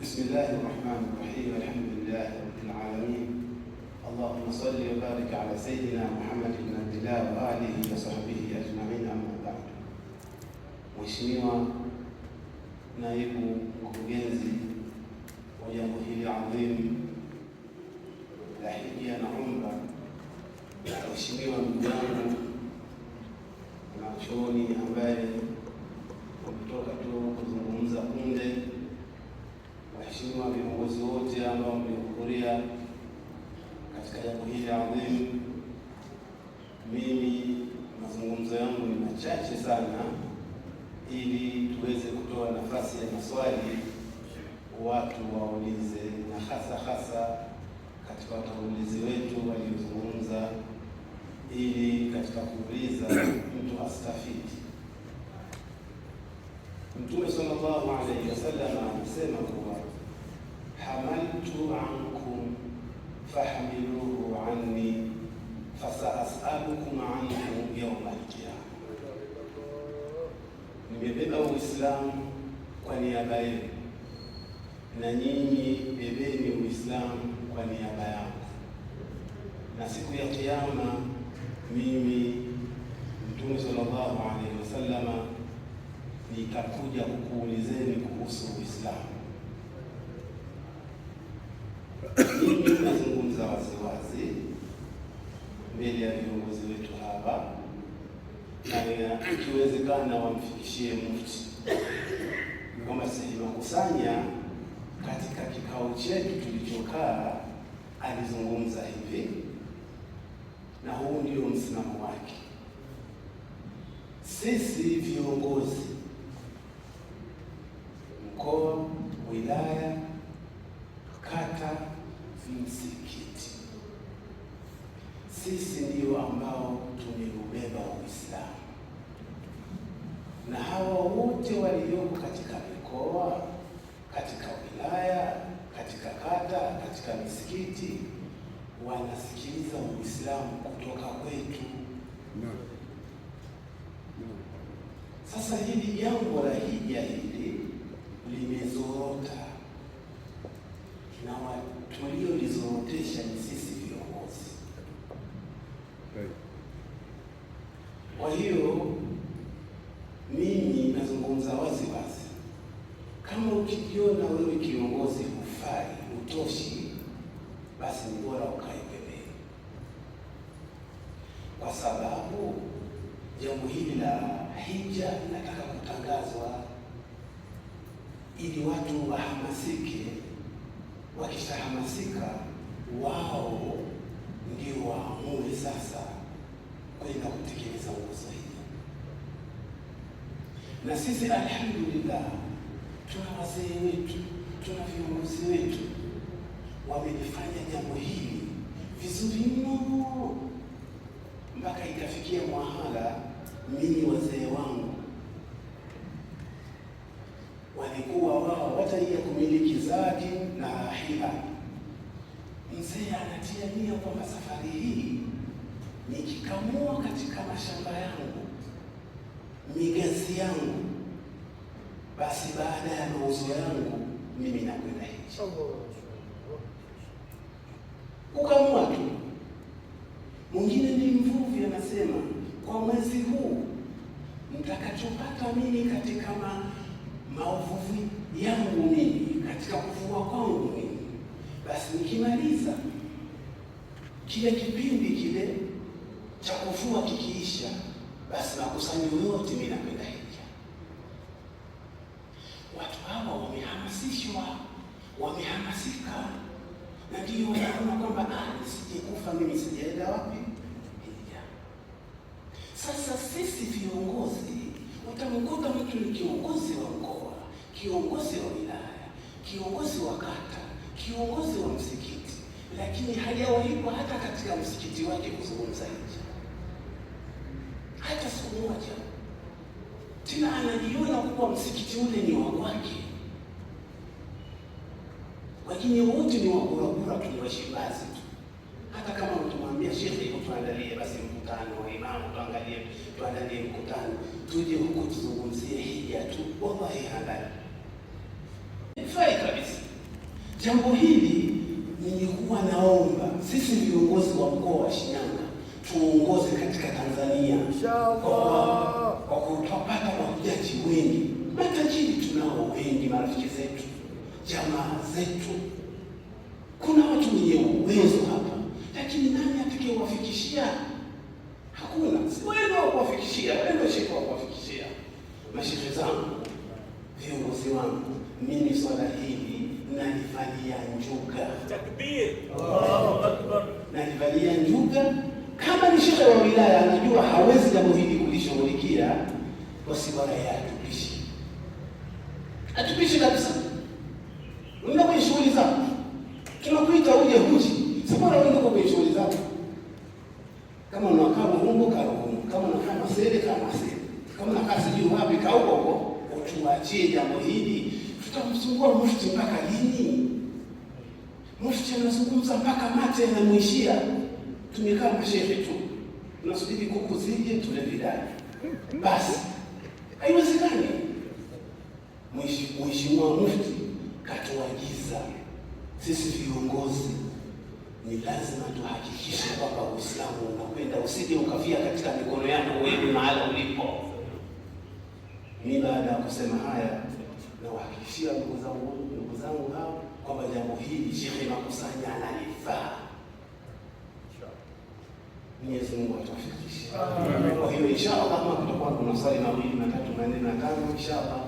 Bismillahi rahmani rahim alhamdulillahi rabbil alamin allahumma salli wa barik ala sayidina Muhammad ibn Abdillah wa alihi wa sahbihi ajmain amma ba'd. Mheshimiwa naibu mkurugenzi wa jambo hili adhimu la hija na umra, mheshimiwa ndugu yangu mwanachuoni ambaye umetoka tu kuzungumza punde Mheshimiwa viongozi wote ambao mmehudhuria katika jambo hili adhimu, mimi mazungumzo yangu ni machache sana, ili tuweze kutoa nafasi ya maswali watu waulize, na hasa hasa katika watangulizi wetu waliozungumza, ili katika kuuliza mtu astafiti. Mtume sallallahu alaihi wasallam anasema Uislamu kwa niaba yenu, na nyinyi bebeni Uislamu kwa niaba yangu, na siku ya Kiyama mimi Mtume sallallahu alaihi wasallam nitakuja kukuulizeni kuhusu Uislamu. Mimi nazungumza waziwazi mbele ya viongozi wetu hapa, na ikiwezekana wamfikishie mufti kwamba siliwakusanya katika kikao chetu tulichokaa, alizungumza hivi na huu ndio msimamo wake. Sisi viongozi mkoa, wilaya, kata, msikiti, sisi ndio ambao tumeubeba Uislamu na hawa wote walioko katika mkoa, katika wilaya, katika kata, katika misikiti wanasikiliza Uislamu kutoka kwetu. Sasa hili jambo la hija hili ukijiona wewe kiongozi hufai, hutoshi, basi ni bora ukae pembeni, kwa sababu jambo hili la hija linataka kutangazwa ili watu wahamasike. Wakishahamasika wao ndio waamue sasa kwenda kutekeleza nguzo hii, na sisi alhamdulillah tuna wazee wetu, tuna viongozi wetu wamelifanya jambo hili vizuri mno mpaka ikafikia mwahala, mimi wazee wangu walikuwa wao wataia kumiliki Zaki na Rahiba. Mzee anatia nia kwamba safari hii nikikamua katika mashamba yangu, migazi yangu basi baada ya mauzo yangu mimi nakwenda hichi. Ukamua tu. Mwingine ni mvuvi, anasema kwa mwezi huu mtakachopata mimi katika ma, mauvuvi yangu mimi katika kuvua kwangu mimi, basi nikimaliza kile kipindi kile cha kuvua kikiisha, basi makusanyo yote mimi nakwenda hichi. wamehamasishwa, wamehamasika, lakini wanaona kwamba nisijekufa mimi, sijaenda wapi? Sasa sisi viongozi, utamkuta mtu ni kiongozi wa mkoa, kiongozi wa wilaya, kiongozi wa kata, kiongozi wa msikiti, lakini hajawaikwa hata katika msikiti wake kuzungumza nje, hata siku moja tena anajiona kuwa msikiti ule ni wa kwake lakini wote ni waburabura tu, washibazi tu. Hata kama utamwambia shehe, hebu tuandalie basi mkutano wa imamu, tuangalie tuandalie mkutano, tuje huku tuzungumzie hija tu, wallahi halali fai kabisa. Jambo hili nilikuwa naomba sisi viongozi wa mkoa wa Shinyanga tuongoze katika Tanzania kwa kutopata wahujaji wengi, matajiri tunao wengi, marafiki zetu jamaa zetu. Kuna watu wenye uwezo hapa, lakini nani atakayeuwafikishia? Hakuna, si wewe ndio kuwafikishia, wewe ndio shekhe wa kuwafikishia. Mashehe zangu, viongozi wangu, mimi swala hili nalivalia njuga. Takbir, Allahu akbar! Nalivalia njuga. Kama ni shekhe wa wilaya, anajua hawezi jambo hili kulishughulikia kwa sababu ya atupishi, atupishi kabisa Unaenda kwenye shughuli zako. Tunakuita uje huji. Sipora unaenda kwenye shughuli zako. Kama unakaa Mungu karuhumu, kama unakaa Masele kama Masele. Kama unakaa sijui wapi ka huko huko, utuachie jambo hili. Tutamsumbua mufti mpaka lini? Mufti anazungumza mpaka mate yanamuishia. Tumekaa mashehe tu. Tunasubiri kuku zije tule bidai. Basi. Haiwezekani. Mheshimiwa Mufti katuagiza sisi viongozi ni lazima tuhakikishe kwamba Uislamu unakwenda, usije ukafia katika mikono yako wewe mahala ulipo. Mi baada ya kusema haya, nawahakikishia ndugu zangu ndugu zangu hao kwamba jambo hili Shekhe Makusanya analifaa. Mwenyezi Mungu atufikishe. Kwa hiyo inshallah, kama kutakuwa kuna swali mawili matatu manne na tano inshallah